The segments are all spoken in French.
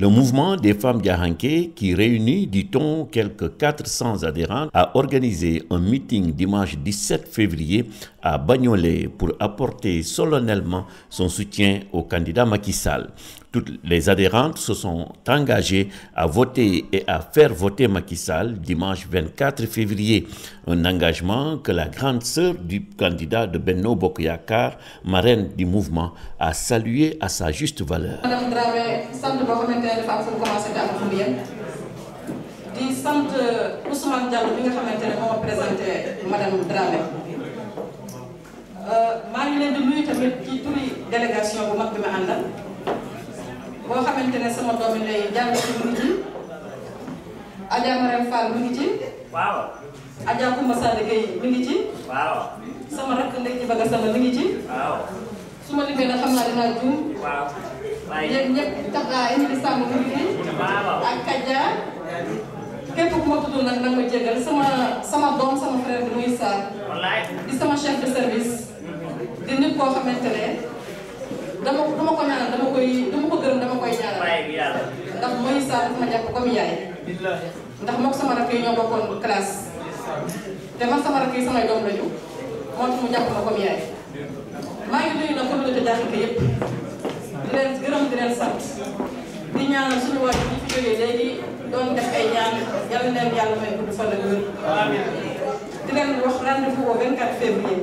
Le mouvement des femmes garanquées, qui réunit, dit-on, quelques 400 adhérents, a organisé un meeting dimanche 17 février à Bagnolet pour apporter solennellement son soutien au candidat Macky Sall. Toutes les adhérentes se sont engagées à voter et à faire voter Macky Sall dimanche 24 février. Un engagement que la grande sœur du candidat de Benno Bokoyakar, marraine du mouvement, a salué à sa juste valeur. madame Eh, maa ngi leen di nuyu tamit ci turi délégation bu mag bi ma àndal boo xamante ne sama doomi lay jàng ci mu ngi ci Adja Marème Fall mi ngi ci waaw Adja Koumba Sade Gueye mi ngi ci waaw sama rakk ndey ci bëgg sama mi ngi ci waaw su ma limee nag xam naa dinaa juum waaw yéen ñëpp taxaa yi di sàmm mi ngi ci waaw ak Kadja képp ku ma tudd nag nag ma jégal sama sama doom sama frère bi muy Sarr di sama chef de service di koo xamante ne dama dama ko ñaanal dama koy dama ko gërëm dama koy ñaanal. ndax mooy saa dafa ma jàpp comme yaay. ndax mook sama rakk yi ñoo bokkoon classe. te man sama rakk yi samay doom lañu moo tax mu jàpp ma comme yaay. maa ngi nuyu nag communauté Diakhaté yëpp di leen gërëm di leen di ñaanal suñu wàll bi ñu fi jógee léegi doon def ay ñaan yal na yàlla may gudd fan ak wér. di leen wax rendez-vous au 24 février.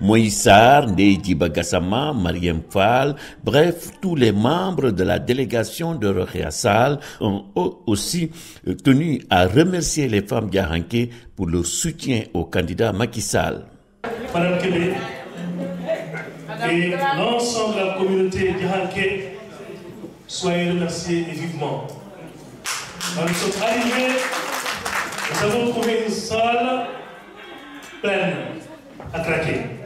Moïsar, Neidi Bagassama, Mariam Mariem Fall, bref, tous les membres de la délégation de Sal ont aussi euh, tenu à remercier les femmes Diaranké pour le soutien au candidat Macky Sall. Madame Kébé et l'ensemble de la communauté Diaranké soyez remerciés vivement. nous sommes arrivés, nous avons trouvé une salle pleine à craquer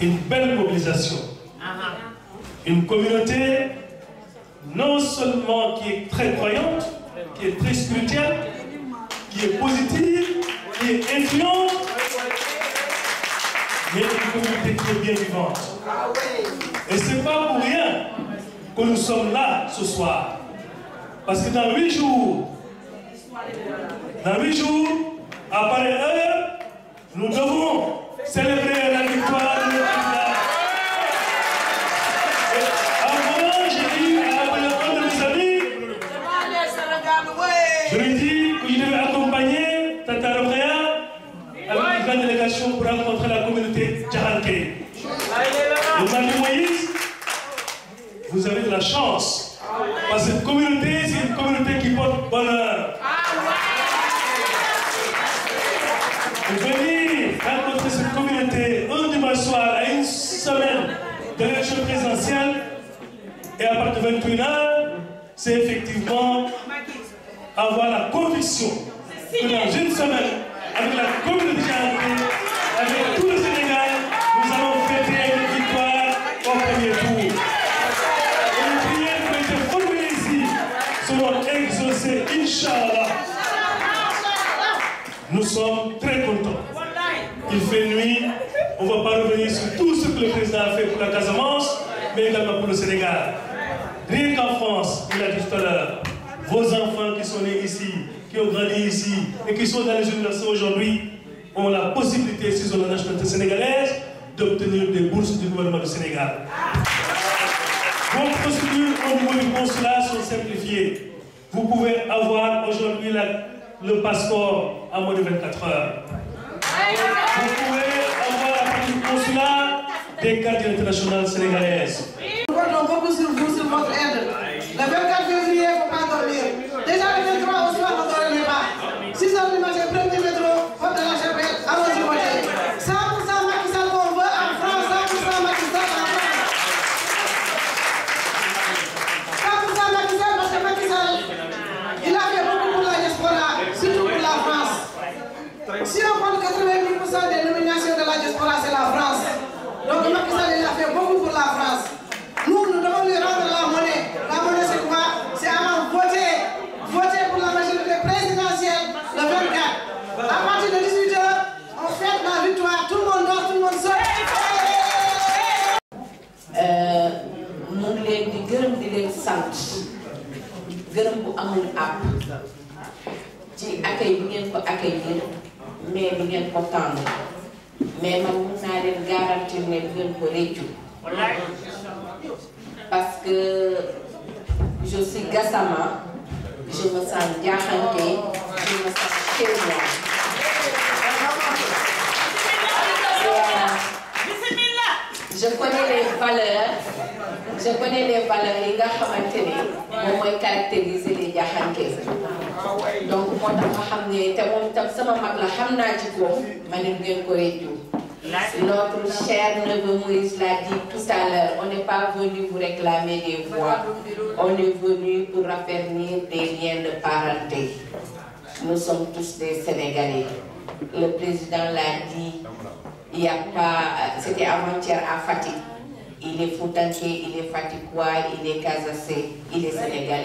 une belle mobilisation. Une communauté non seulement qui est très croyante, qui est très spirituelle, qui est positive, qui est influente, mais une communauté qui est bien vivante. Et ce n'est pas pour rien que nous sommes là ce soir. Parce que dans huit jours, dans huit jours, à Paris 1, nous devons célébrer la victoire la chance. Parce que cette communauté, c'est une communauté qui porte bonheur. venir rencontrer cette communauté un dimanche soir à une semaine de l'élection présidentielle et à partir de 21 h c'est effectivement avoir la conviction que dans une semaine, avec la communauté on ne va pas revenir sur tout ce que le président a fait pour la Casamance, mais également pour le Sénégal. Rien qu'en France, il a dit tout à l'heure, vos enfants qui sont nés ici, qui ont grandi ici et qui sont dans les universités aujourd'hui, ont la possibilité, s'ils ont la nationalité sénégalaise, d'obtenir des bourses du gouvernement du Sénégal. Vos procédures au niveau du consulat sont simplifiées. Vous pouvez avoir aujourd'hui le passeport à moins de 24 heures. des cartes internationales sénégalaises. Nous beaucoup sur vous, sur votre aide. Le 24 février, ne faut pas dormir. Déjà le 23 au pas. matin, premier métro, de la chapelle, 100% en France, 100% en France. 100% il a fait beaucoup pour la diaspora, surtout pour France. Si on prend 90% des nominations de la diaspora, c'est la France. Donc il a fait beaucoup pour la France. Nous, nous devons lui rendre la monnaie. La monnaie, c'est quoi C'est avant voter. Voter pour la majorité présidentielle le 24. À partir de 18h, on fête la victoire. Tout le monde dort, tout le monde sort. Euh, nous mais mais man mun naa leen garantir ne du pas ko parce que je suis Gassama je me sens Diakhanté je me sens chez moi. je connais les valeurs je connais les valeurs yi nga xamante ne moom caractériser les Diakhanté notre cher neveu l'a dit tout à l'heure on n'est pas venu pour réclamer des voix on est venu pour raffermir des liens de parenté nous sommes tous des Sénégalais le président l'a dit il y a pas c'était avant-hier à Fatih. il est Foutanké il est fatigué, il est Casassé il est Sénégalais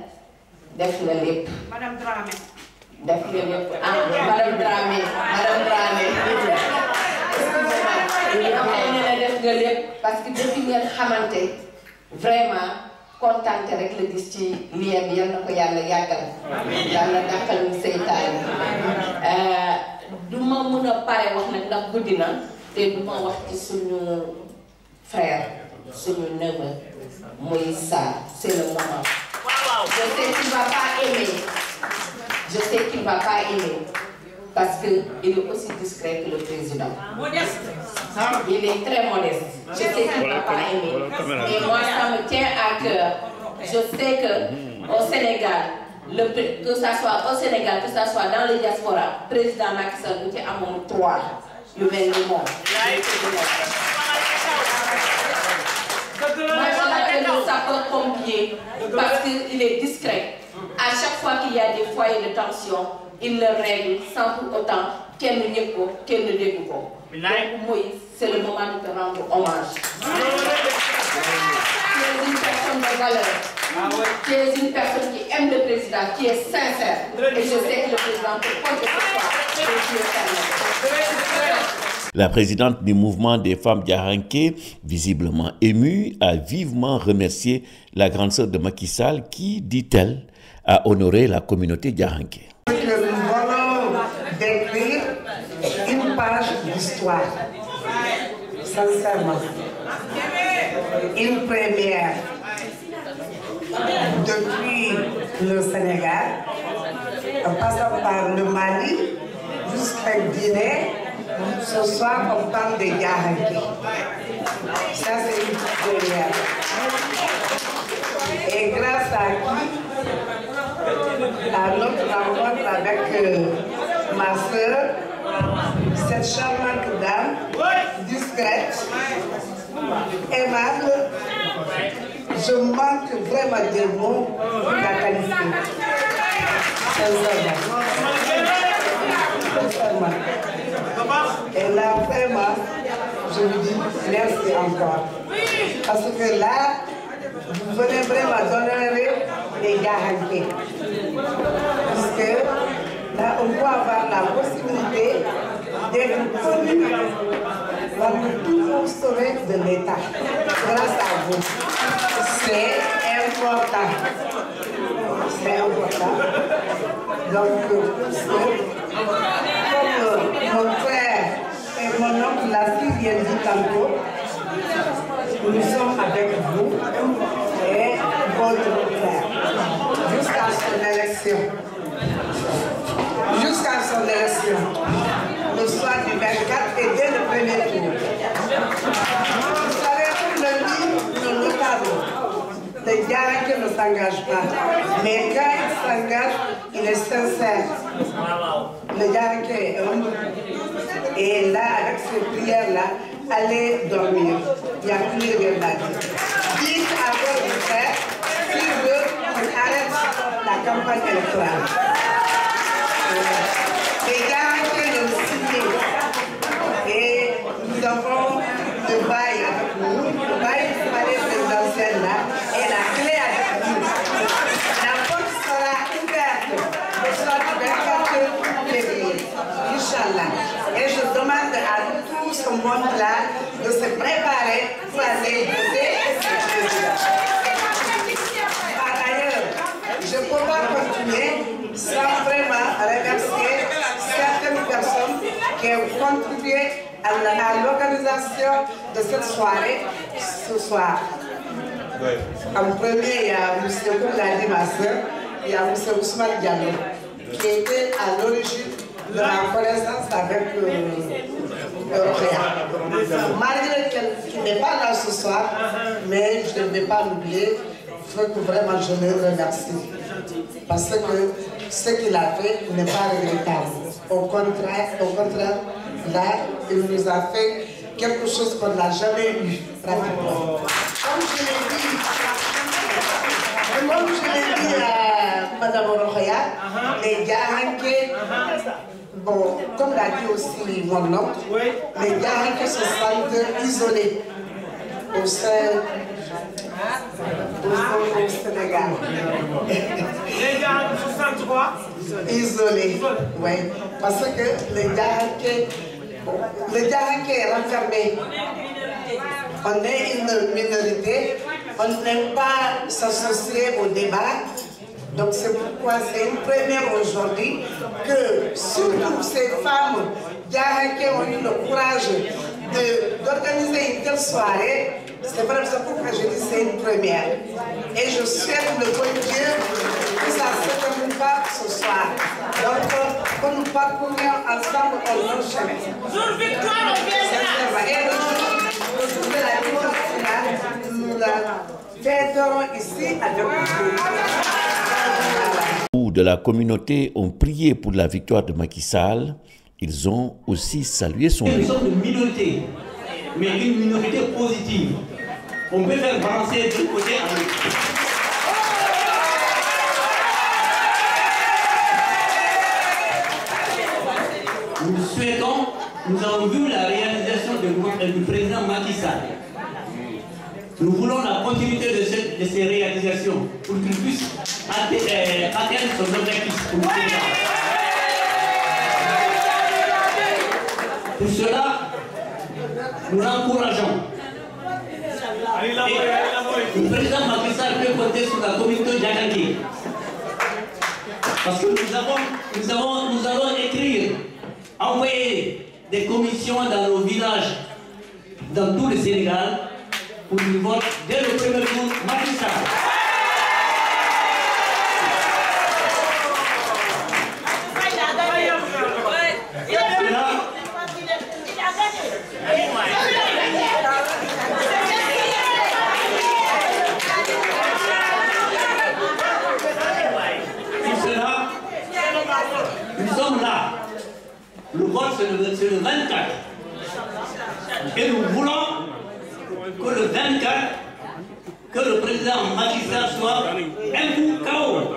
def na lépp. def na lépp ah madame Dramé madame Dramé xam na def nga lépp parce que depuis ngeen xamante vraiment kontante rek la gis ci lien bi yal na ko yàlla yàggal. yàlla dàqal ñu seytaane. Euh, du ma a pare wax nag guddi na te du wax ci suñu frère suñu neveu muy Sarr c'est le Je sais qu'il ne va pas aimer. Je sais qu'il ne va pas aimer. Parce qu'il est aussi discret que le président. Ah, il est très modeste. Je sais qu'il ne va pas aimer. Et moi, ça me tient à cœur. Je sais que au Sénégal, que ça soit au Sénégal, que ça soit dans les diasporas, le président Macky Sall à mon 3. Le même sapeurs parce qu'il est discret. À chaque fois qu'il y a des foyers de tension, il le règle sans pour autant qu'elle ne l'ait pas, qu'elle ne c'est le moment de te rendre hommage. Tu es une personne de valeur. Ah tu es une personne qui aime le président, qui est sincère. Et je sais que le président te compte sur toi. tu la présidente du mouvement des femmes Diaranké, visiblement émue, a vivement remercié la grande sœur de Macky Sall qui, dit-elle, a honoré la communauté Diaranké. Nous venons d'écrire une page d'histoire, sincèrement. Une première depuis le Sénégal, en passant par le Mali jusqu'à Guinée ce soir, on parle de Yahaki. Ça, c'est de première. Et grâce à qui, à notre rencontre avec euh, ma soeur, cette charmante dame, discrète, aimable, je manque vraiment de mots pour la qualité. Et là, vraiment, je vous dis merci encore. Parce que là, vous venez vraiment d'honorer les garanties. que là, on peut avoir la possibilité d'être connu parmi tous vos sommets de l'État. Grâce à vous. C'est important. C'est important. Donc, pour euh, mon oncle l'a fille dit nous sommes avec vous et votre frère jusqu'à son élection. Jusqu'à son élection, le soir du 24 et dès le premier tour. Vous savez, pour le livre, nous notable, C'est dialogue qui ne s'engage pas. Mais quand s'engage, il est sincère. Le gars qui est homme et là, avec cette prière-là, allez dormir. Il n'y a plus de à dire. Dites à votre frère, s'il veut, on arrête la campagne électorale. Les gars, soirée ce soir. En premier, il y a M. comme l'a il y a M. Ousmane Diallo, qui était à l'origine de la connaissance avec euh, Malgré qu'il n'est pas là ce soir, mais je ne vais pas l'oublier, il faut que vraiment je le remercie. Parce que ce qu'il a fait n'est pas regrettable. Au contraire, au contraire, là, il nous a fait quelque chose qu'on n'a jamais eu. Pratiquement. Oh. Comme je l'ai dit, comme je l'ai dit à Madame Oroya, uh-huh. les Garanke, uh-huh. bon, comme l'a dit aussi mon oncle, les gars se sentent isolés au sein au, Sénégal. Les Garanke se sentent quoi Isolés, oui. Parce que les gars. Le diarraqué est renfermé. On est une minorité. On n'aime pas s'associer au débat. Donc c'est pourquoi c'est une première aujourd'hui que surtout ces femmes diarraquées ont eu le courage d'organiser une telle soirée. C'est ça pourquoi je dis c'est une première. Et je souhaite le bon Dieu que ça se termine pas ce soir que nous parcourions ensemble au long chemin. Jour victoire au Vietnam. Et le jour de la victoire finale, nous la fêterons ici à Djibouti. de la communauté ont prié pour la victoire de Macky Sall, ils ont aussi salué son Nous sommes une minorité, mais une minorité positive. On peut faire balancer de côté à hein. l'autre. Nous souhaitons, nous avons vu la réalisation euh, du, président Macky Sall. Nous voulons la continuité de, ces réalisations pour qu'il puisse euh, atteindre son objectif pour, cela, nous l'encourageons. Le président Macky Sall peut compter sur la communauté d'Agangé. Parce que nous allons écrire des commissions dans nos villages, dans tout le Sénégal, pour une vote dès le premier tour là. Nous sommes là le vote, c'est le, 24. Et nous voulons que le 24, que le président magistrat soit un coup KO.